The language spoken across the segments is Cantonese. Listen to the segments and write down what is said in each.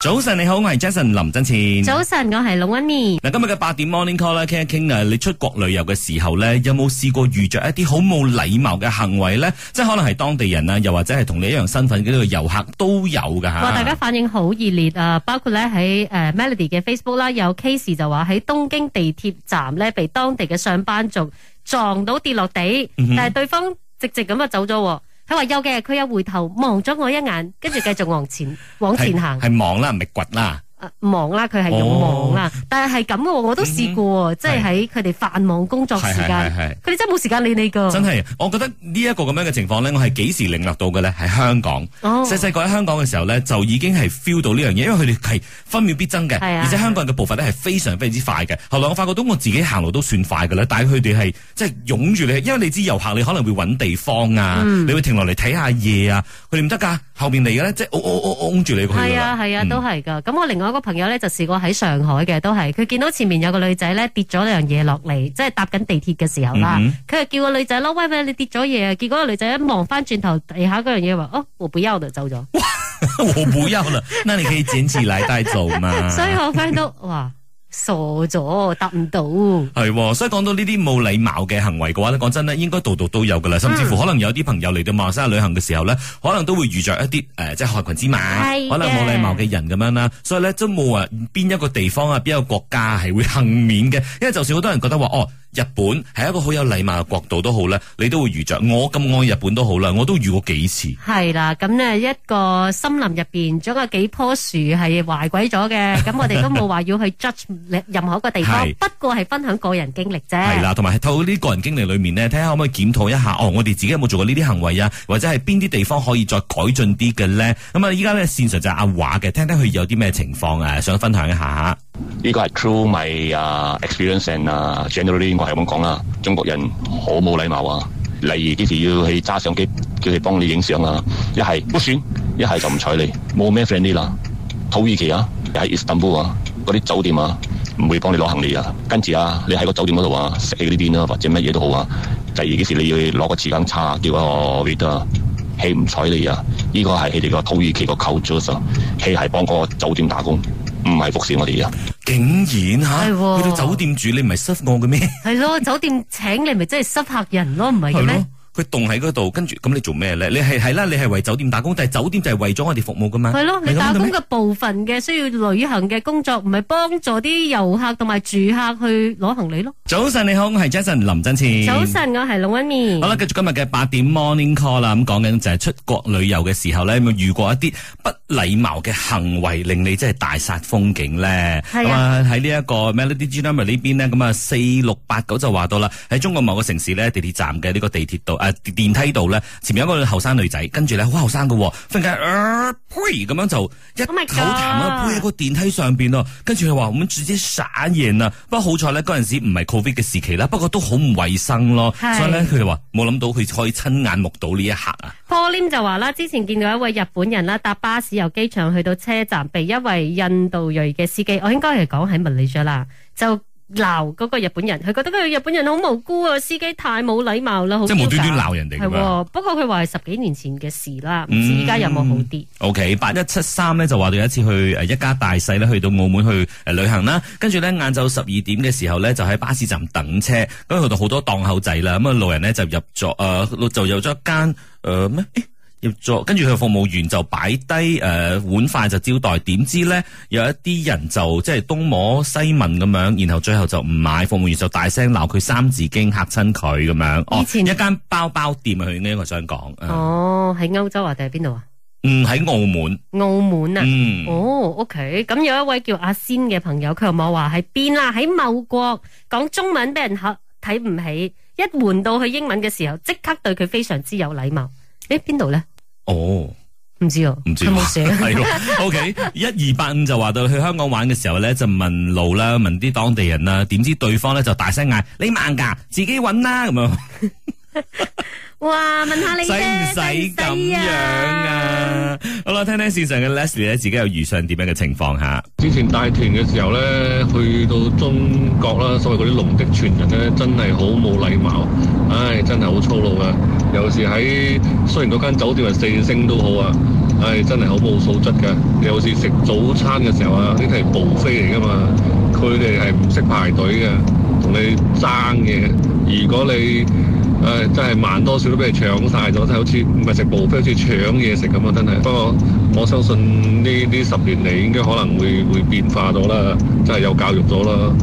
早晨，你好，我係 Jason 林振前。早晨，我係龍君妮。嗱，今日嘅八點 morning call 啦，傾一傾啊，你出國旅遊嘅時候咧，有冇試過遇着一啲好冇禮貌嘅行為咧？即係可能係當地人啊，又或者係同你一樣身份嘅呢個遊客都有噶吓。哇，大家反應好熱烈啊！包括咧喺誒 Melody 嘅 Facebook 啦，有 case 就話喺東京地鐵站咧被當地嘅上班族撞到跌落地，嗯、但係對方直直咁啊走咗。佢話有嘅，佢又回頭望咗我一眼，跟住繼續往前 往前行，係望啦，唔係掘啦。忙啦，佢係要忙啦，哦，但係係咁嘅，我都試過，嗯、即係喺佢哋繁忙工作時間，佢哋真係冇時間理你噶。真係，我覺得呢一個咁樣嘅情況呢，我係幾時領略到嘅呢？喺香港，細細個喺香港嘅時候呢，就已經係 feel 到呢樣嘢，因為佢哋係分秒必爭嘅，啊，而且香港人嘅步伐呢係非常非常之快嘅。後來我發覺到我自己行路都算快嘅啦，但係佢哋係即係擁住你，因為你知遊客你可能會搵地方啊，嗯、你會停落嚟睇下嘢啊，佢哋唔得噶，後面嚟嘅呢，即係擁擁擁擁住你過去啦。係啊係啊，啊嗯、都係噶。咁我另外。我個朋友咧就試過喺上海嘅，都係佢見到前面有個女仔咧跌咗兩樣嘢落嚟，即係搭緊地鐵嘅時候啦。佢、嗯、就叫個女仔咯，喂喂，你跌咗嘢？啊！結果個女仔一望翻轉頭，地下嗰樣嘢話，哦，我不要就走咗。我不要啦， 那你可以撿起來帶走嘛。 所以我返到哇。 傻咗，答唔到？係、哦，所以講到呢啲冇禮貌嘅行為嘅話咧，講真咧，應該度度都有噶啦，嗯，甚至乎可能有啲朋友嚟到馬沙旅行嘅時候咧，可能都會遇着一啲誒、呃，即係害群之馬，可能冇禮貌嘅人咁樣啦。所以咧，都冇話邊一個地方啊，邊一個國家係會幸免嘅，因為就算好多人覺得話哦。日本係一個好有禮貌嘅國度都好咧，你都會遇着。我咁愛日本都好啦，我都遇過幾次。係啦，咁呢一個森林入邊，仲有幾棵樹係壞鬼咗嘅。咁 我哋都冇話要去 judge 任何一個地方，不過係分享個人經歷啫。係啦，同埋透過呢個人經歷裏面呢，睇下可唔可以檢討一下。哦，我哋自己有冇做過呢啲行為啊？或者係邊啲地方可以再改進啲嘅咧？咁啊，依家呢，線上就係阿華嘅，聽聽佢有啲咩情況啊，想分享一下。呢、這個係 through my 啊 experience and 啊 generally，我係咁講啦。中國人好冇禮貌啊。例如幾時要去揸相機，叫佢幫你影相啊。一係不選，一係就唔睬你，冇咩 friendly 啦、啊。土耳其啊，喺 Istanbul 啊，嗰啲酒店啊，唔會幫你攞行李啊。跟住啊，你喺個酒店嗰度啊，食起啲點啊，或者乜嘢都好啊。第二幾時你要攞個匙羹叉，叫、個 waiter 佢唔睬你啊。呢、這個係佢哋個土耳其個 culture 啊，佢係幫個酒店打工。唔係服侍我哋啊！竟然嚇、啊哦，去到酒店住你唔係侍我嘅咩？係咯、哦，酒店請你咪真係侍客人咯，唔係嘅咩？佢棟喺嗰度，跟住咁你做咩咧？你係係啦，你係為酒店打工，但係酒店就係為咗我哋服務噶嘛。係咯，你打工嘅部分嘅需要旅行嘅工作，唔係幫助啲遊客同埋住客去攞行李咯。早晨你好，我係 Jason 林振詞。早晨，我係老溫面。好啦，繼續今日嘅八點 Morning Call 啦，咁講緊就係出國旅遊嘅時候咧，咪遇過一啲不禮貌嘅行為，令你真係大煞風景咧。係啊。咁啊喺呢一個 Melody gentleman 呢邊咧，咁啊四六八九就話到啦，喺中國某個城市咧地鐵站嘅呢個地鐵度。電梯度咧，前面有一個後生女仔，跟住咧好後生嘅，忽然間咁樣就一口痰啊，吐喺個電梯上邊咯，跟住佢話我們做啲啥嘢啊？不過好彩咧，嗰陣時唔係 COVID 嘅時期啦，不過都好唔衛生咯，所以咧佢哋話冇諗到佢可以親眼目睹呢一刻啊。Pauline 就話啦，之前見到一位日本人啦，搭巴士由機場去到車站，被一位印度裔嘅司機，我應該係講喺物理咗啦，就。鬧嗰個日本人，佢覺得佢個日本人好無辜啊！司機太冇禮貌啦，即係無端端鬧人哋係。不過佢話係十幾年前嘅事啦，唔、嗯、知而家有冇好啲。OK，八一七三呢就話到有一次去誒一家大細咧去到澳門去誒旅行啦，跟住咧晏晝十二點嘅時候咧就喺巴士站等車，咁去到好多檔口仔啦，咁啊路人呢就入咗誒、呃，就入咗一間誒咩？呃入座，跟住佢服務員就擺低誒碗筷就招待，點知咧有一啲人就即係東摸西問咁樣，然後最後就唔買，服務員就大聲鬧佢《三字經》，吓親佢咁樣。以前、哦、一間包包店啊，去呢我想講。哦，喺、嗯、歐洲啊，定喺邊度啊？嗯，喺澳門。澳門啊。嗯。哦、oh,，OK，咁有一位叫阿仙嘅朋友，佢有冇話喺邊啦，喺某國講中文俾人吓睇唔起，一換到去英文嘅時候，即刻對佢非常之有禮貌。誒，邊度咧？哦，唔知啊，唔知。佢冇寫。係 咯是的 ，OK，一二八五就話到去香港玩嘅時候咧，就問路啦， 問啲當地人啦，點知對方咧就大聲嗌： 你猛噶，自己揾啦咁樣。 哇，問下你使唔使咁樣？啊？好啦，聽聽線上嘅 Leslie 咧，自己又遇上點樣嘅情況吓？之前帶團嘅時候咧，去到中國啦，所謂嗰啲龍的傳人咧，真係好冇禮貌，唉，真係好粗魯噶。有時喺雖然嗰間酒店係四星都好啊，唉，真係好冇素質噶。尤其食早餐嘅時候啊，呢啲係 buffet 嚟噶嘛，佢哋係唔識排隊嘅，同你爭嘢。如果你誒、呃、真係慢多少都俾人搶曬咗，真係好似唔係食 buffet，好似搶嘢食咁啊！真係。不過我相信呢呢十年嚟應該可能會會變化咗啦，真係有教育咗啦。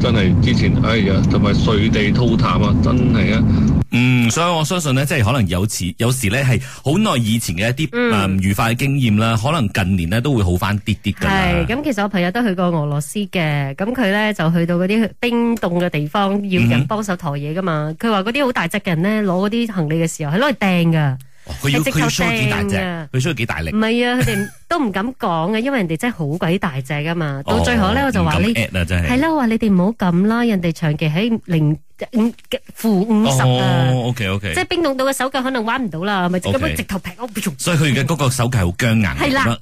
真係之前，哎呀，同埋隨地吐痰啊，真係啊！嗯，所以我相信咧，即係可能有時有時咧係好耐以前嘅一啲唔愉快嘅經驗啦，可能近年咧都會好翻啲啲㗎。係咁，其實我朋友都去過俄羅斯嘅，咁佢咧就去到嗰啲冰凍嘅地方，要人幫手抬嘢噶嘛。佢話嗰啲好大隻嘅人咧，攞嗰啲行李嘅時候係攞嚟掟噶，佢、哦、要佢需要幾大隻，佢需要幾大力。唔係啊，佢哋都唔敢講啊， 因為人哋真係好鬼大隻噶嘛。到最後咧、哦，我就話你係啦，話、啊、你哋唔好咁啦，人哋長期喺零。五嘅負五十啊！哦，OK OK，即係冰凍到個手腳可能彎唔到啦，咪咁樣直頭劈，所以佢而家嗰個手腳好僵硬。係啦，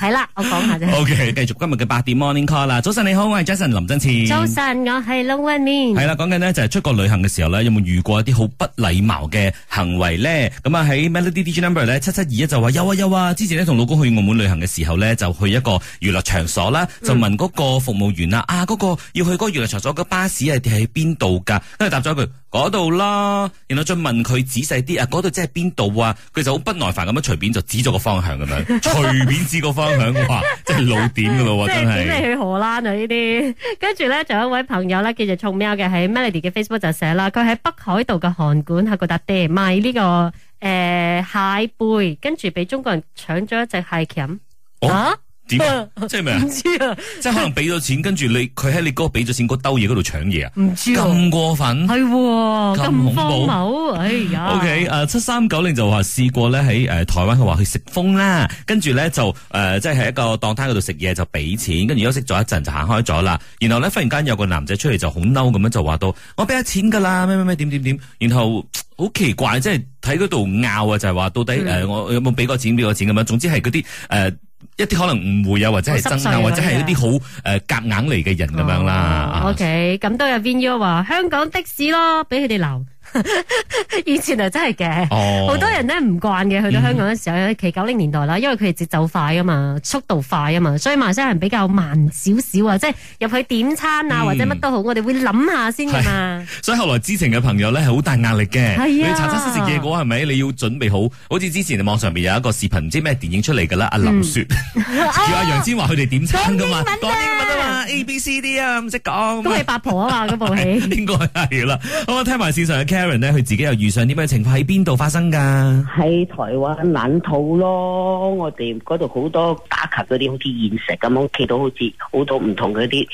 係啦，我講下啫。OK，繼續今日嘅八點 Morning Call 啦。早晨你好，我係 Jason 林振超。早晨，我係 Long One 面。係啦，講緊咧就係出國旅行嘅時候咧，有冇遇過一啲好不禮貌嘅行為咧？咁啊喺 Melody D G Number 咧七七二一就話有啊有啊。之前咧同老公去澳門旅行嘅時候咧，就去一個娛樂場所啦，就問嗰個服務員啦啊嗰個要去嗰個娛樂場所個巴士係喺邊？道噶，跟住答咗一句嗰度啦，然後再問佢仔細啲啊，嗰度即係邊度啊？佢就好不耐煩咁樣隨便就指咗個方向咁樣，隨便指個方向哇， 真係老點噶咯，真係。你去荷蘭啊！呢啲跟住咧仲有一位朋友咧叫做聰喵嘅喺 Melody 嘅 Facebook 就寫啦，佢喺北海道嘅韓館喺嗰笪爹賣呢、這個誒、呃、蟹貝，跟住俾中國人搶咗一隻蟹殼。嚇、哦！啊點 啊？即係咩啊？唔知啊！即係可能俾咗錢， 跟住你佢喺你嗰個俾咗錢嗰兜嘢嗰度搶嘢啊？唔知啊！咁過分？係喎、哦，咁恐怖！哎呀！OK，誒、呃，七三九零就話試過咧喺誒台灣，佢話去食風啦，跟住咧就誒即係喺一個檔攤嗰度食嘢就俾錢，跟住休息咗一陣就行開咗啦。然後咧忽然間有個男仔出嚟就好嬲咁樣就話到我俾咗錢噶啦，咩咩咩點點點，然後好奇怪，即係睇嗰度拗啊，就係、是、話到底誒、呃、我有冇俾過錢俾過錢咁樣，總之係嗰啲誒。呃一啲可能誤會啊，或者係爭拗，或者係一啲好誒夾硬嚟嘅人咁樣啦。OK，咁都有變要話香港的士咯，俾佢哋鬧。 以前啊，真係嘅，好多人咧唔慣嘅，去到香港嘅時候，喺其九零年代啦，因為佢哋節奏快啊嘛，速度快啊嘛，所以馬西人比較慢少少啊，即係入去點餐啊，嗯、或者乜都好，我哋會諗下先嘛。所以後來知情嘅朋友咧，係好大壓力嘅。係啊，查出食嘢果係咪？你要準備好，好似之前網上面有一個視頻，唔知咩電影出嚟噶啦。阿、啊、林雪，叫阿楊千嬅佢哋點餐噶嘛？多啲乜 A B C D 啊，唔識講。都係八婆啊嘛，嗰 部戲應該係啦。好，我聽埋線上嘅劇。佢自己又遇上啲咩情況？喺邊度發生噶喺台灣冷土咯，我哋嗰度好多打卡嗰啲，好似現實咁樣，企到好似好多唔同嗰啲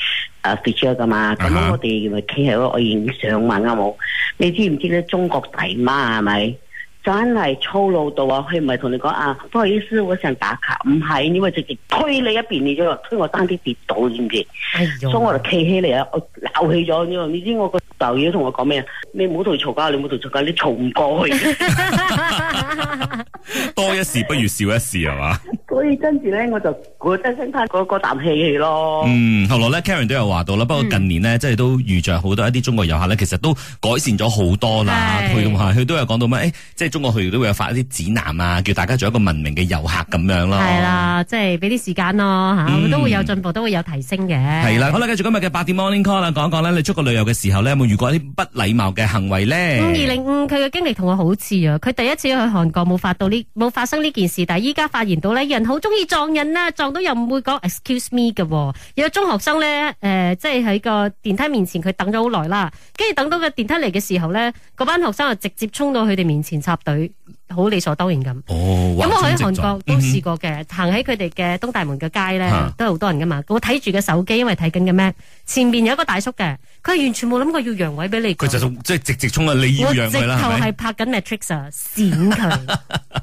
誒 feature 噶嘛。咁、uh-huh. 我哋咪企喺度我影相嘛，啱、啊、冇？你知唔知咧？中國大媽係咪？真係粗魯到啊！佢唔係同你講啊，不好意思，我想打卡，唔係，你咪直接推你一邊，你咁推我，單啲跌倒，你知唔知、哎？所以我就企起嚟啊，我鬧起咗，你知我個導遊同我講咩啊？你唔好同佢嘈交，你唔好同佢嘈交，你嘈唔過去。 多一事不如少一事，係嘛？所以跟住咧，我就我真真嘆嗰嗰啖氣氣咯。嗯，後來 Karen 都有話到啦。不過近年咧、嗯，即係都遇着好多一啲中國遊客咧，其實都改善咗好多啦。佢咁啊，佢都有講到咩？誒、欸，即中國去都會有發一啲指南啊，叫大家做一個文明嘅遊客咁樣咯。係啦，即係俾啲時間咯嚇、嗯，都會有進步，都會有提升嘅。係啦，好啦，繼續今日嘅八點 Morning Call 啦，講一講咧，你出國旅遊嘅時候咧，有冇遇過啲不禮貌嘅行為咧？嗯，二零五，佢嘅經歷同我好似啊，佢第一次去韓國冇發到呢冇發生呢件事，但係依家發現到咧，人好中意撞人啦，撞到又唔會講 excuse me 嘅。有個中學生咧、呃，即係喺個電梯面前，佢等咗好耐啦，跟住等到個電梯嚟嘅時候咧，嗰班學生就直接衝到佢哋面前插。隊好理所當然咁，咁、哦、我喺韓國都試過嘅、嗯，行喺佢哋嘅東大門嘅街咧、啊，都係好多人噶嘛。我睇住嘅手機，因為睇緊嘅咩，前面有一個大叔嘅，佢完全冇諗過要讓位俾你，佢就即係直直衝啊！你要讓位啦，我直頭係拍緊 Matrix 閃、啊、佢，勁、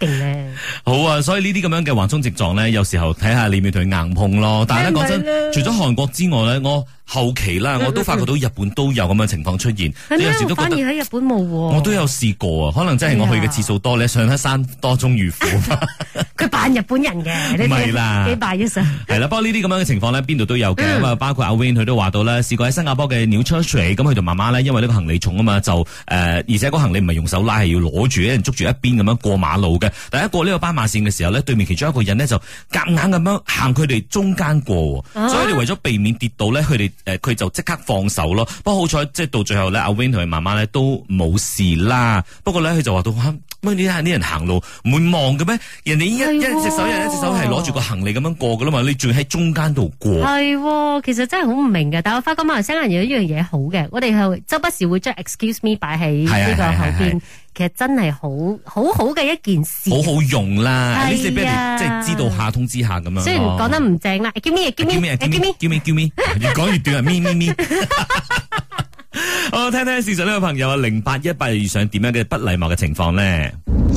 嗯、咧 。好啊，所以呢啲咁樣嘅橫衝直撞咧，有時候睇下你咪同佢硬碰咯。但係咧講真，除咗韓國之外咧，我。後期啦，我都發覺到日本都有咁嘅情況出現，有陣時都覺得反而喺日本冇喎。我都有試過啊，可能真係我去嘅次數多咧，上得山多終遇虎。佢、啊、 扮日本人嘅，唔係啦，幾百以上係啦。不過呢啲咁樣嘅情況呢，邊度都有嘅咁啊。包括阿 Win 佢都話到啦，試過喺新加坡嘅 New Century 咁佢同媽媽呢，因為呢個行李重啊嘛，就誒、呃，而且嗰行李唔係用手拉，係要攞住，一人捉住一邊咁樣過馬路嘅。第一過呢個斑馬線嘅時候呢，對面其中一個人呢，就夾硬咁樣行佢哋中間過，所以你為咗避免跌倒呢，佢哋。誒、呃，佢就即刻放手咯，不過好彩即係到最後咧，阿、啊、Win 同佢媽媽咧都冇事啦。不過咧，佢就話到，哇、啊！你睇下啲人行路唔會望嘅咩？人哋一、哦、一隻手人一隻手係攞住個行李咁樣過噶啦嘛，你仲要喺中間度過。係、哦，其實真係好唔明嘅。但我發覺馬來西亞人有一樣嘢好嘅，我哋係周不時會將 Excuse me 擺喺呢個後邊。是是是是是是其實真係好好好嘅一件事，好好用啦，即係知道下通知下咁樣。雖然講得唔正啦，叫咩、叫咩、叫咩、叫咩、叫咩，越講越短啊，咪、咪、咪。我聽聽事實呢個朋友啊，零八一八日遇上點樣嘅不禮貌嘅情況呢？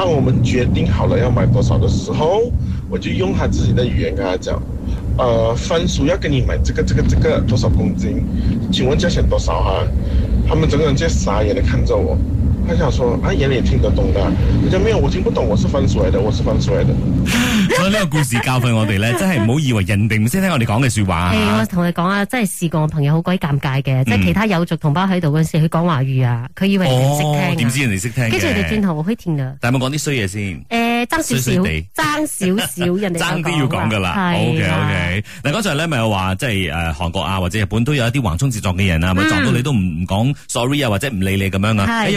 當我們決定好了要買多少的時候，我就用他自己的語言跟他講，呃，番薯要給你買這個這個這個多少公斤，請問價錢多少哈、啊？他們整個人在傻眼的看着我。佢想說，他眼裏也聽得懂噶，你就沒有我聽不懂，我是分水的，我是分水的。所以呢個故事教訓我哋咧， 真係唔好以為人哋唔識聽我哋講嘅說話。係、欸，我同你講啊，真係試過我朋友好鬼尷尬嘅、嗯，即係其他有族同胞喺度嗰陣時，佢講華語啊，佢以為你哋識聽嘅。點、哦、知人哋識聽，跟住你轉頭我會聽嘅。但係冇講啲衰嘢先。欸爭少少，爭少少，人哋爭啲要講㗎啦，ok, ok. 嗱嗰陣呢，咪有話，即係，呃，韓國呀，或者日本都有一啲橫衝直撞嘅人呀，咪撞到你都唔講 sorry 呀，或者唔理你咁樣啦，okay。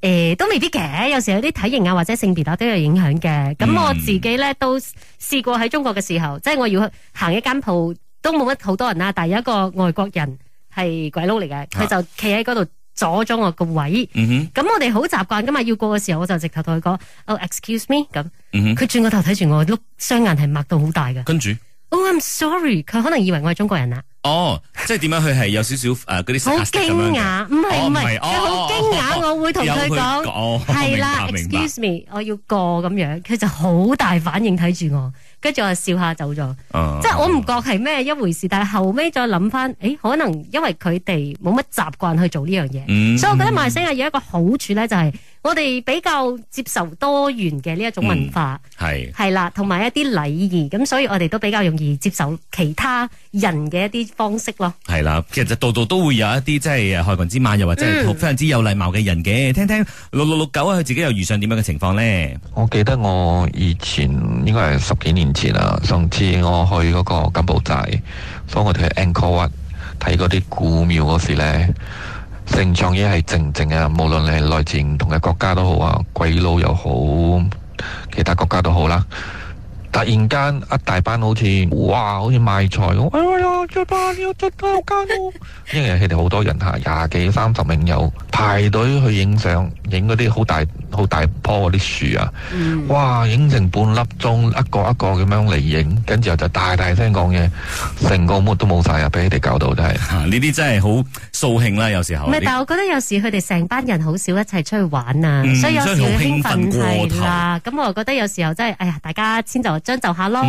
誒、欸，都未必嘅，有時候有啲體型啊，或者性別啊，都有影響嘅。咁我自己咧都試過喺中國嘅時候，嗯、即係我要行一間鋪，都冇乜好多人啦，啊。但係有一個外國人係鬼佬嚟嘅，佢、啊、就企喺嗰度阻咗我個位。咁、嗯、我哋好習慣噶嘛，要過嘅時候我就直頭同佢講，哦、oh，excuse me 咁。佢轉個頭睇住我，碌雙眼係擘到好大嘅。跟住，哦、oh，I'm sorry，佢可能以為我係中國人啊。哦，即係點樣佢係有少少誒，嗰啲好驚訝，唔係唔係，佢好驚訝，我會同佢講，係、哦、啦，excuse me，我要過咁樣，佢就好大反應睇住我，跟住我就笑下走咗、哦，即係我唔覺係咩一回事，哦、但係後尾再諗翻，誒，可能因為佢哋冇乜習慣去做呢樣嘢，所以我覺得馬來西亞有一個好處咧就係、是。我哋比較接受多元嘅呢一種文化，係係啦，同埋一啲禮儀，咁所以我哋都比較容易接受其他人嘅一啲方式咯。係啦，其實度度都會有一啲即係害群之馬，又或者係、嗯、非常之有禮貌嘅人嘅。聽聽六六六九，佢自己又遇上點樣嘅情況咧？我記得我以前應該係十幾年前啦，上次我去嗰個柬埔寨，所以我哋去 encore 睇嗰啲古廟嗰時咧。正常嘢係靜靜啊，無論你係來自唔同嘅國家都好啊，鬼佬又好，其他國家都好啦。突然間一大班好似哇，好似賣菜咁，哎呀，出班，要出街，好艱難。 因為佢哋好多人吓，廿幾三十名友排隊去影相，影嗰啲好大好大棵嗰啲樹啊，哇，影成半粒鐘，一個一個咁樣嚟影，跟住就大大聲講嘢，成個 mood 都冇晒啊！俾佢哋搞到真係，呢啲真係好掃興啦。有時候，唔係，但係我覺得有時佢哋成班人好少一齊出去玩啊，嗯，所以有時候興奮過頭咁我覺得有時候真係，哎呀，大家遷就。將就下咯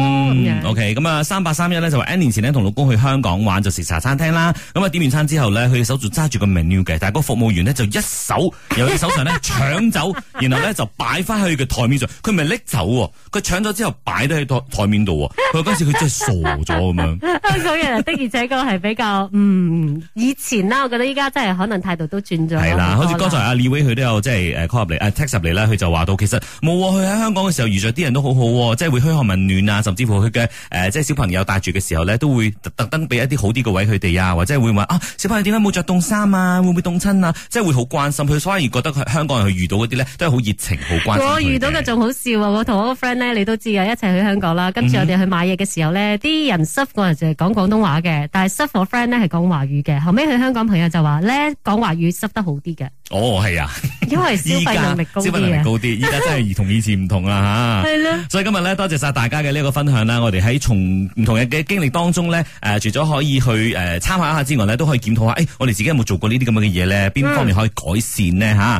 ，OK 咁啊，三八三一咧就話 N 年前呢，同老公去香港玩就食茶餐廳啦，咁啊點完餐之後呢，佢手住揸住個 menu 嘅，但係個服務員呢，就一手由佢手上呢 搶走，然後呢，就擺翻去佢嘅台面上，佢咪拎走喎，佢搶咗之後擺喺台台面度喎，佢 嗰時佢真係傻咗咁樣。香港人的而且確係比較，嗯，以前啦，我覺得依家真係可能態度都轉咗。係啦，好似剛才阿李威佢都有即係誒 call 入嚟誒 text 入嚟啦，佢就話到其實冇，佢喺香港嘅時候遇着啲人都好好，啊，即係會問暖啊，甚至乎佢嘅誒，即、呃、係、就是、小朋友戴住嘅時候咧，都會特登俾一啲好啲嘅位佢哋啊，或者會問啊，小朋友點解冇着凍衫啊，會唔會凍親啊？即係會好關心佢，反而覺得香港人去遇到嗰啲咧，都係好熱情，好關心佢。我遇到嘅仲好笑啊！我同我個 friend 咧，你都知啊，一齊去香港啦。跟住我哋去買嘢嘅時候咧，啲、嗯、人 staff 個人就係講廣東話嘅，但係 staff 我 friend 咧係講華語嘅。後尾去香港，朋友就話咧講華語 staff 得好啲嘅。哦，係啊，因為消費能力高啲，消費能力高啲，依 家真係同以前唔同啦吓。係咯，所以今日咧多謝晒。大家嘅呢個分享啦，我哋喺從唔同嘅經歷當中咧，誒、呃、除咗可以去誒參、呃、考一下之外咧，都可以檢討下，誒、欸、我哋自己有冇做過這些呢啲咁嘅嘢咧？邊方面可以改善咧？吓、嗯。